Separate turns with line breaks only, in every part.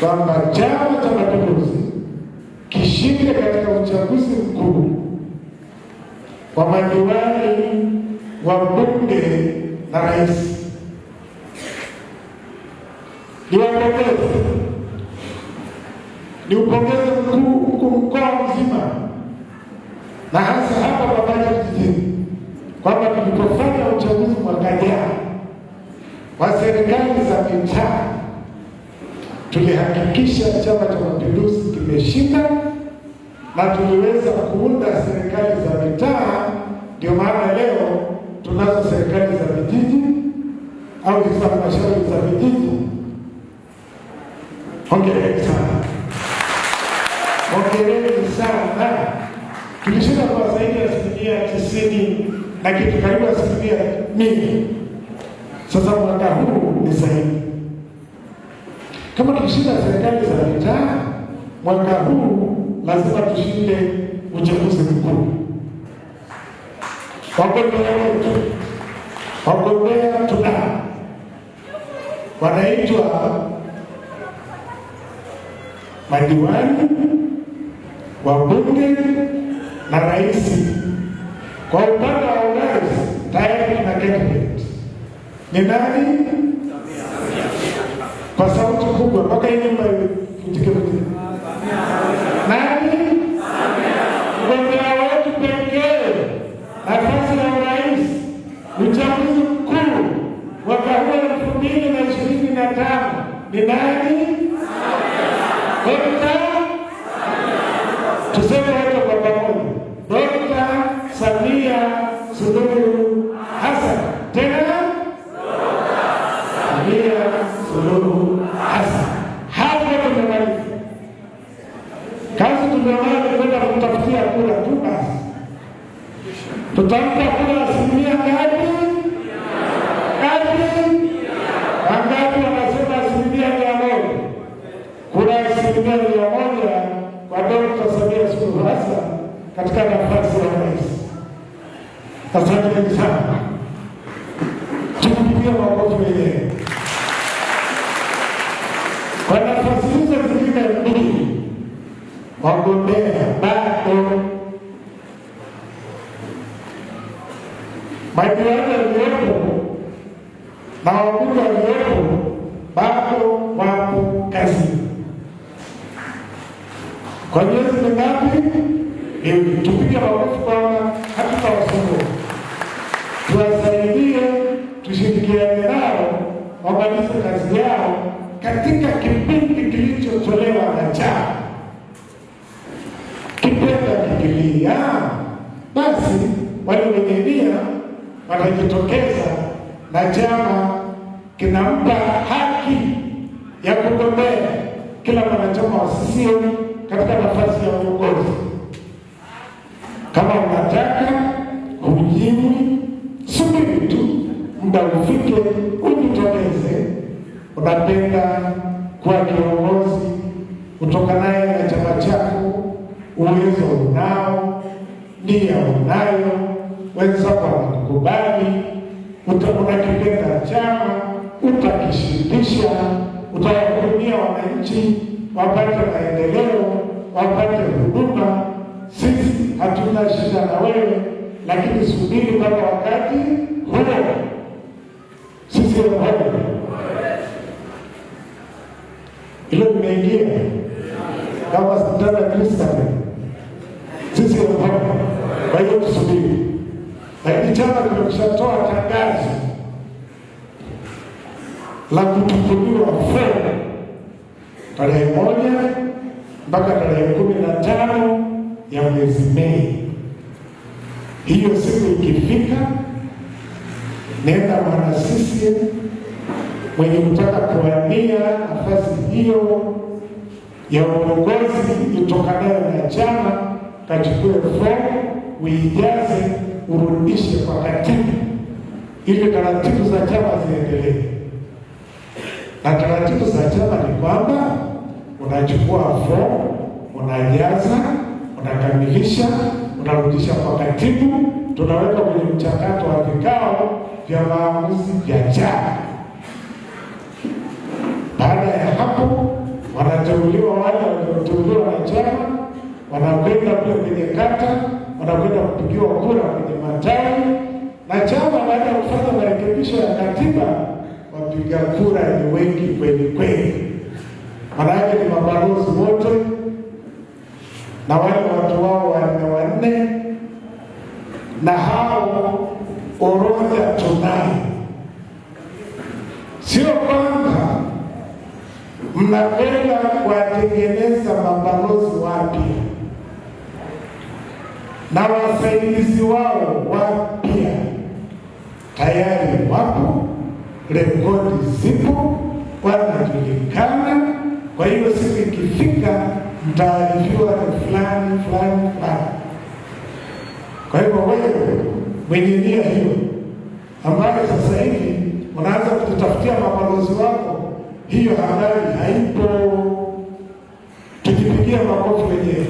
kwamba Chama cha Mapinduzi kishinde katika uchaguzi mkuu wa madiwani wa bunge na rais. Niwapongeze, upongeze mkuu mkoa mzima na hasa hapa Babati vijijini kwamba tulipofanya uchaguzi mwaka jana wa serikali za mitaa tulihakikisha Chama cha Mapinduzi kimeshinda na tuliweza kuunda serikali za mitaa. Ndio maana leo tunazo serikali za vijiji au hizo halmashauri za vijiji. Hongereni sana, hongereni sana. Tulishinda kwa zaidi ya asilimia tisini na kitu karibu asilimia mia. Sasa mwaka huu kama tukishinda serikali za mitaa mwaka huu, lazima tushinde uchaguzi mkuu. Wagombea wetu wagombea tuna wanaitwa madiwani, wabunge na rais. Kwa upande wa urais tayari tuna candidate ni nani? kwa sababu kubwa mpaka hii nyumba ifutike Nani mgombea wetu pekee nafasi ya urais uchaguzi mkuu mwaka huu elfu mbili na ishirini na tano ni nani? Dokta, tuseme wote kwa pamoja, Dokta Samia kumtafutia kura tu basi. Tutampa kura asilimia ngapi? Ngapi? Wangapi wanasema asilimia mia moja? Kura asilimia mia moja kwa Dokta Samia Suluhu Hassan katika nafasi ya rais. Asanteni sana, tupigie wenyewe kwa nafasi hizo zingine mbili wagombea yako majirani yaliyopo na wakuta waliyopo bado wapo kazi Kwa miezi mingapi? Ili tupige maamuzi kwamba hatutawasumbua, tuwasaidie, tushirikiane nao wamalize kazi yao katika kipindi kilichotolewa na chama. Biblia, basi wale wenye nia watajitokeza na chama kinampa haki ya kugombea kila mwanachama wa CCM katika nafasi ya uongozi. Kama unataka hujiwi, subiri tu muda ufike, ujitokeze. Unapenda kuwa kiongozi, utokanaye na uwezo unao, nia unayo, wenzako utakuna kipenda chama, utakishindisha, utawahudumia wananchi wapate maendeleo, wapate huduma. Sisi hatuna shida na wewe, lakini subiri mpaka wakati huo. Sisi ilo imeingia kama sitana Kristo sisi wanapaka. Kwa hiyo tusubiri, lakini chama kimekushatoa tangazo la kutukuliwa fedha tarehe moja mpaka tarehe kumi na tano ya mwezi Mei. Hiyo siku ikifika, nenda mwana sisi mwenye kutaka kuwania nafasi hiyo ya uongozi itokanayo na chama kachukue fomu uijaze, urudishe kwa katibu, ili taratibu za chama ziendelee. Na taratibu za chama ni kwamba unachukua fomu, unajaza, unakamilisha, unarudisha kwa katibu, tunaweka kwenye mchakato wa vikao vya maamuzi vya chama. Baada ya hapo, wanateuliwa wale walioteuliwa na chama wanakwenda kule kwenye kata, wanakwenda kupigiwa kura kwenye matawi, na chama baada ya kufanya marekebisho ya katiba, wapiga kura ni wengi kweli kweli. Maanake ni mabalozi wote na wale watu wao wanne wanne, na hao orodha tunayo, sio kwamba mnakwenda kuwatengeneza mabalozi na wasaidizi wao wapya tayari wapo, rekodi zipo, wanajulikana. Kwa hiyo siku ikifika, mtaarifiwa ni fulani fulani fulani. Kwa hivyo wewe mwenye nia hiyo ambayo sasa hivi unaanza kutafutia mabalozi wako, hiyo habari haipo. Tujipigia makofi wenyewe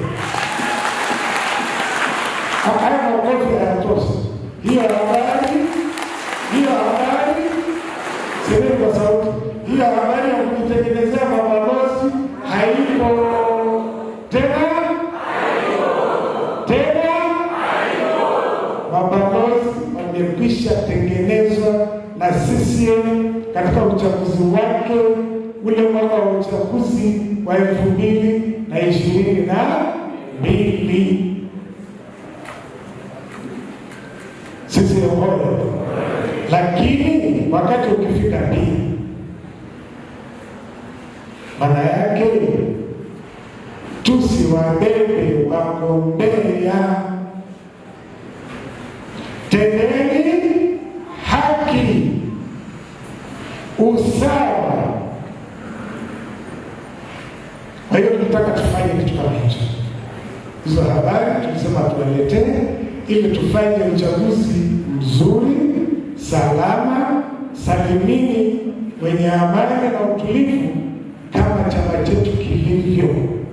makofi yanatosha. Hiyo habari, hiyo habari, semeni kwa sauti. Hiyo habari ya kujitengenezea mabalozi haipo tena, tena mabalozi wamekwisha tengenezwa na CCM katika uchaguzi wake ule mwaka wa uchaguzi wa elfu mbili na ishirini na mbili. sisi ni hore, lakini wakati ukifika dini, maana yake tusiwabebe wagombea, tendeni haki, usawa. Kwa hiyo tunataka tufanye kitu kama hicho hizo habari tulisema tuwaletee ili tufanye uchaguzi mzuri, salama. Salimini wenye amani na utulivu kama chama chetu kilivyo.